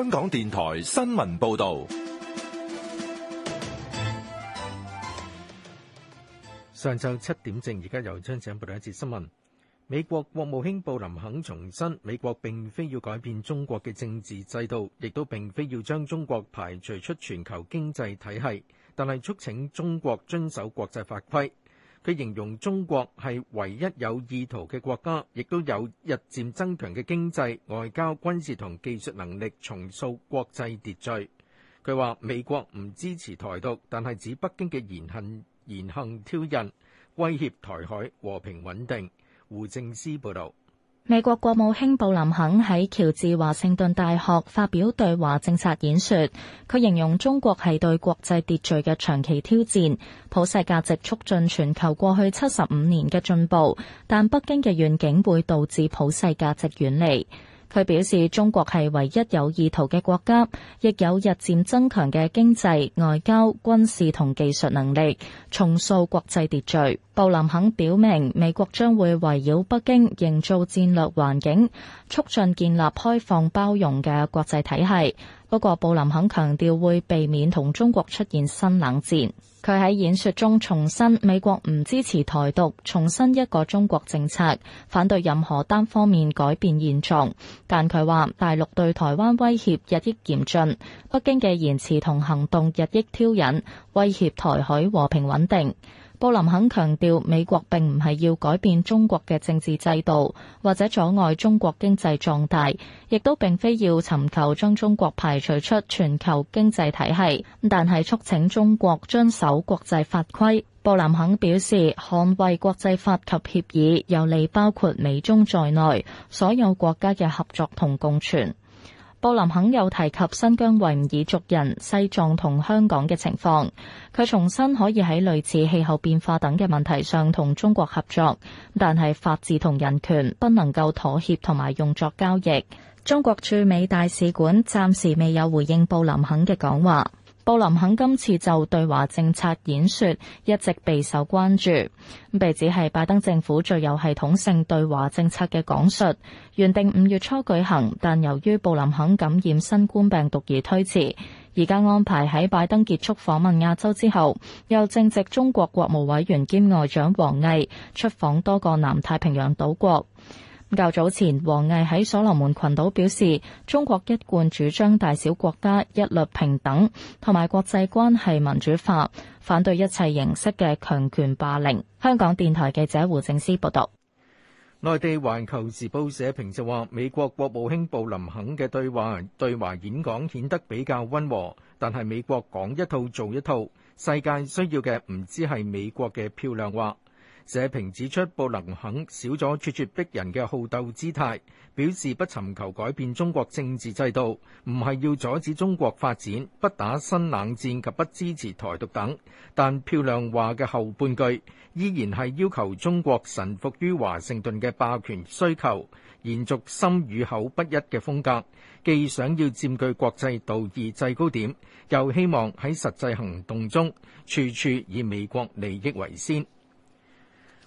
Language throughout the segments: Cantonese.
香港電台新聞報道，上晝七點正，而家由張子欣報道一節新聞。美國國務卿布林肯重申，美國並非要改變中國嘅政治制度，亦都並非要將中國排除出全球經濟體系，但係促請中國遵守國際法規。佢形容中國係唯一有意圖嘅國家，亦都有日漸增強嘅經濟、外交、軍事同技術能力，重塑國際秩序。佢話美國唔支持台獨，但係指北京嘅言行言行挑釁，威脅台海和平穩定。胡正思報道。美國國務卿布林肯喺喬治華盛頓大學發表對華政策演說，佢形容中國係對國際秩序嘅長期挑戰，普世價值促進全球過去七十五年嘅進步，但北京嘅願景會導致普世價值遠離。佢表示，中國係唯一有意圖嘅國家，亦有日漸增強嘅經濟、外交、軍事同技術能力，重塑國際秩序。布林肯表明，美國將會圍繞北京營造戰略環境。促進建立開放包容嘅國際體系。不過，布林肯強調會避免同中國出現新冷戰。佢喺演說中重申美國唔支持台獨，重申一個中國政策，反對任何單方面改變現狀。但佢話大陸對台灣威脅日益嚴峻，北京嘅言辭同行動日益挑釁，威脅台海和平穩定。布林肯強調，美國並唔係要改變中國嘅政治制度，或者阻礙中國經濟壯大，亦都並非要尋求將中國排除出全球經濟體系。但係促請中國遵守國際法規。布林肯表示，捍衞國際法及協議有利包括美中在內所有國家嘅合作同共存。布林肯又提及新疆維吾爾族人、西藏同香港嘅情況，佢重申可以喺類似氣候變化等嘅問題上同中國合作，但係法治同人權不能夠妥協同埋用作交易。中國駐美大使館暫時未有回應布林肯嘅講話。布林肯今次就對華政策演說一直備受關注，被指係拜登政府最有系統性對華政策嘅講述。原定五月初舉行，但由於布林肯感染新冠病毒而推遲，而家安排喺拜登結束訪問亞洲之後，又正值中國國務委員兼外長王毅出訪多個南太平洋島國。較早前，王毅喺所羅門群島表示，中國一貫主張大小國家一律平等，同埋國際關係民主化，反對一切形式嘅強權霸凌。香港電台記者胡正思報道。內地環球時報社評就話，美國國務卿布林肯嘅對話、對華演講顯得比較溫和，但係美國講一套做一套，世界需要嘅唔止係美國嘅漂亮話。社評指出，布林肯少咗咄咄逼人嘅好鬥姿態，表示不尋求改變中國政治制度，唔係要阻止中國發展，不打新冷戰及不支持台獨等。但漂亮話嘅後半句依然係要求中國臣服於華盛頓嘅霸權需求，延續心與口不一嘅風格，既想要占據國際道義制高點，又希望喺實際行動中處處以美國利益為先。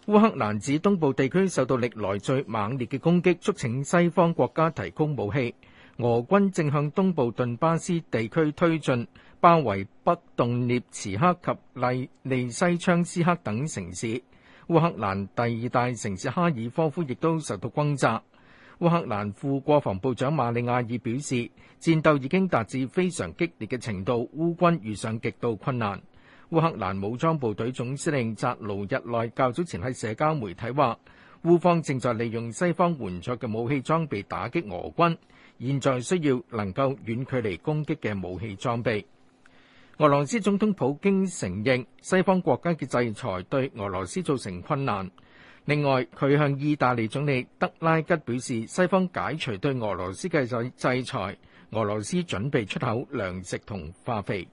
烏克蘭指東部地區受到歷來最猛烈嘅攻擊，促請西方國家提供武器。俄軍正向東部頓巴斯地區推進，包圍北頓涅茨克及利利西昌斯克等城市。烏克蘭第二大城市哈爾科夫亦都受到轟炸。烏克蘭副國防部長馬里亞爾表示，戰鬥已經達至非常激烈嘅程度，烏軍遇上極度困難。烏克蘭武裝部隊總司令扎盧日內較早前喺社交媒體話，烏方正在利用西方援助嘅武器裝備打擊俄軍，現在需要能夠遠距離攻擊嘅武器裝備。俄羅斯總統普京承認西方國家嘅制裁對俄羅斯造成困難。另外，佢向意大利總理德拉吉表示，西方解除對俄羅斯嘅制制裁，俄羅斯準備出口糧食同化肥。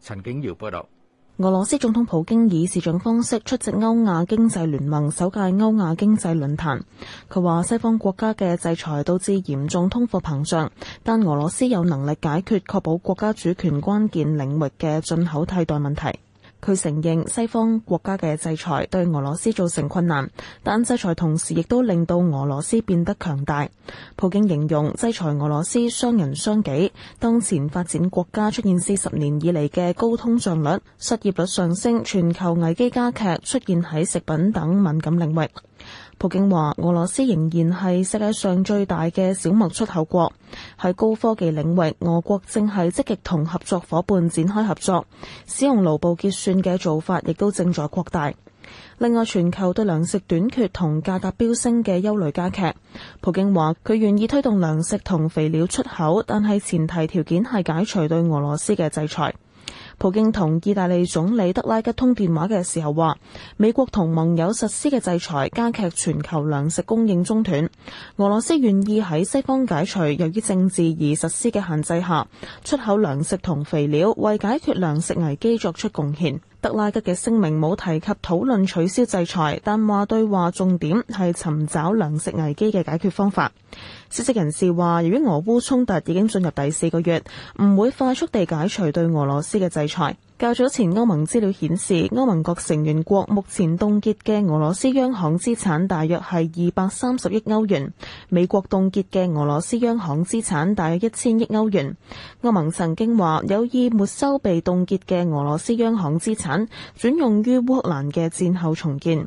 陳景瑤報道。俄羅斯總統普京以視像方式出席歐亞經濟聯盟首屆歐亞經濟論壇。佢話：西方國家嘅制裁導致嚴重通貨膨脹，但俄羅斯有能力解決，確保國家主權關鍵領域嘅進口替代問題。佢承認西方國家嘅制裁對俄羅斯造成困難，但制裁同時亦都令到俄羅斯變得強大。普京形容制裁俄羅斯傷人傷己，當前發展國家出現四十年以嚟嘅高通脹率、失業率上升、全球危機加劇出現喺食品等敏感領域。普京話：俄羅斯仍然係世界上最大嘅小麥出口國。喺高科技領域，俄國正係積極同合作夥伴展開合作，使用盧布結算嘅做法亦都正在擴大。另外，全球對糧食短缺同價格飆升嘅憂慮加劇。普京話：佢願意推動糧食同肥料出口，但係前提條件係解除對俄羅斯嘅制裁。普京同意大利總理德拉吉通電話嘅時候話，美國同盟友實施嘅制裁加劇全球糧食供應中斷。俄羅斯願意喺西方解除由於政治而實施嘅限制下，出口糧食同肥料，為解決糧食危機作出貢獻。德拉吉嘅聲明冇提及討論取消制裁，但話對話重點係尋找糧食危機嘅解決方法。消息人士話，由於俄烏衝突已經進入第四個月，唔會快速地解除對俄羅斯嘅制裁。較早前歐盟資料顯示，歐盟各成員國目前凍結嘅俄羅斯央行資產大約係二百三十億歐元；美國凍結嘅俄羅斯央行資產大約一千億歐元。歐盟曾經話有意沒收被凍結嘅俄羅斯央行資產，轉用於烏克蘭嘅戰後重建。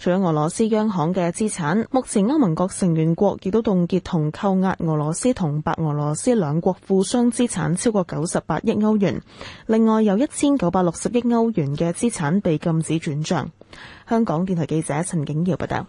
除咗俄羅斯央行嘅資產，目前歐盟各成員國亦都凍結同扣押俄羅斯同白俄羅斯兩國富商資產超過九十八億歐元，另外有一千九百六十億歐元嘅資產被禁止轉賬。香港電台記者陳景堯報道。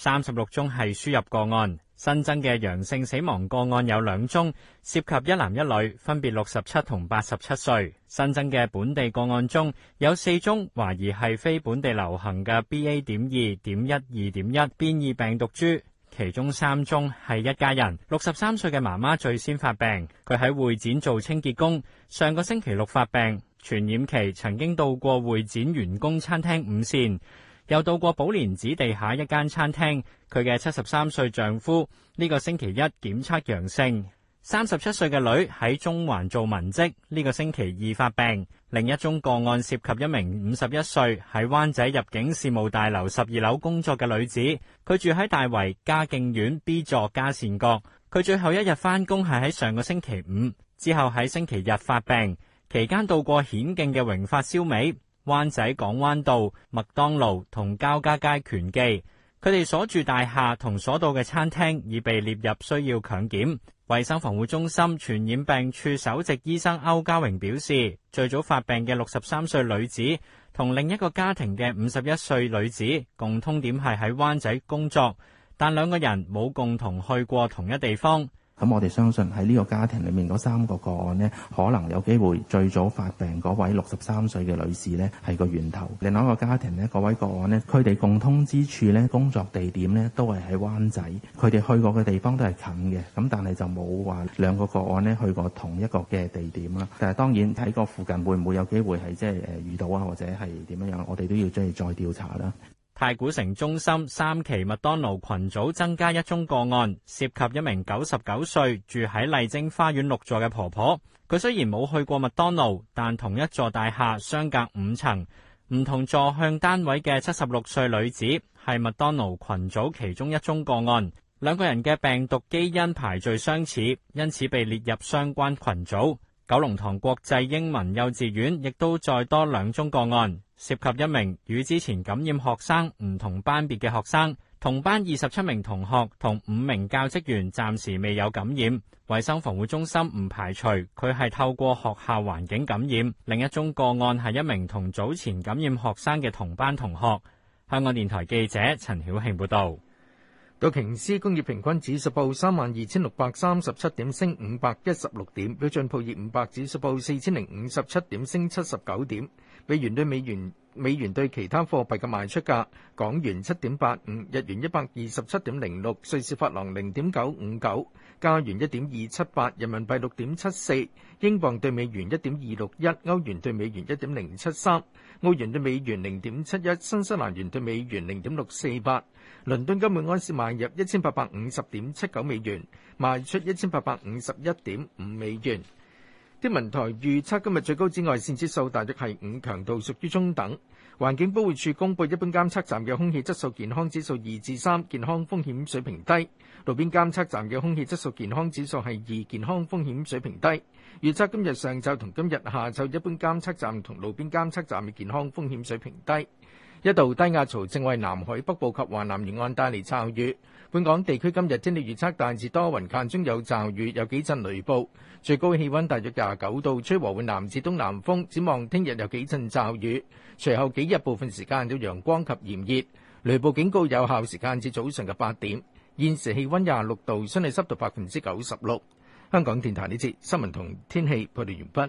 三十六宗係輸入個案，新增嘅陽性死亡個案有兩宗，涉及一男一女，分別六十七同八十七歲。新增嘅本地個案中有四宗懷疑係非本地流行嘅 BA. 點二點一二點一變異病毒株，其中三宗係一家人。六十三歲嘅媽媽最先發病，佢喺會展做清潔工，上個星期六發病，傳染期曾經到過會展員工餐廳午膳。又到過寶蓮寺地下一間餐廳，佢嘅七十三歲丈夫呢、這個星期一檢測陽性，三十七歲嘅女喺中環做文職，呢、這個星期二發病。另一宗個案涉及一名五十一歲喺灣仔入境事務大樓十二樓工作嘅女子，佢住喺大圍嘉敬苑 B 座嘉善閣，佢最後一日返工係喺上個星期五，之後喺星期日發病，期間到過顯徑嘅榮發燒味。灣仔港灣道麥當勞同交加街拳記，佢哋所住大廈同所到嘅餐廳已被列入需要強檢。衛生防護中心傳染病處首席醫生歐家榮表示，最早發病嘅六十三歲女子同另一個家庭嘅五十一歲女子，共通點係喺灣仔工作，但兩個人冇共同去過同一地方。咁、嗯、我哋相信喺呢個家庭裏面嗰三個個案呢，可能有機會最早發病嗰位六十三歲嘅女士呢係個源頭。另外一個家庭呢，嗰位個案呢，佢哋共通之處呢，工作地點呢都係喺灣仔，佢哋去過嘅地方都係近嘅。咁但係就冇話兩個個案呢去過同一個嘅地點啦。但係當然睇個附近會唔會有機會係即係誒遇到啊，或者係點樣樣，我哋都要即去再調查啦。太古城中心三期麥當勞群組增加一宗個案，涉及一名九十九歲住喺麗晶花園六座嘅婆婆。佢雖然冇去過麥當勞，但同一座大廈相隔五層，唔同座向單位嘅七十六歲女子係麥當勞群組其中一宗個案。兩個人嘅病毒基因排序相似，因此被列入相關群組。九龍塘國際英文幼稚園亦都再多兩宗個案，涉及一名與之前感染學生唔同班別嘅學生，同班二十七名同學同五名教職員暫時未有感染。衛生防護中心唔排除佢係透過學校環境感染。另一宗個案係一名同早前感染學生嘅同班同學。香港電台記者陳曉慶報道。道瓊斯工業平均指數報三萬二千六百三十七點，升五百一十六點；標準普爾五百指數報四千零五十七點，升七十九點；美元對美元。美元對其他貨幣嘅賣出價：港元七點八五，日元一百二十七點零六，瑞士法郎零點九五九，加元一點二七八，人民幣六點七四，英鎊對美元一點二六一，歐元對美元一點零七三，澳元對美元零點七一，新西蘭元對美元零點六四八。倫敦金每安士賣入一千八百五十點七九美元，賣出一千八百五十一點五美元。天文台預測今日最高紫外線指數大約係五，強度屬於中等。環境保護署公佈一般監測站嘅空氣質素健康指數二至三，3, 健康風險水平低；路邊監測站嘅空氣質素健康指數係二，健康風險水平低。預測今日上晝同今日下晝，一般監測站同路邊監測站嘅健康風險水平低。一道低壓槽正為南海北部及華南沿岸帶嚟驟雨。本港地區今日天氣預測大致多雲間中有驟雨，有幾陣雷暴。最高氣温大約廿九度，吹和緩南至東南風。展望聽日有幾陣驟雨，隨後幾日部分時間有陽光及炎熱。雷暴警告有效時間至早上嘅八點。現時氣温廿六度，相對濕度百分之九十六。香港電台呢節新聞同天氣報道完畢。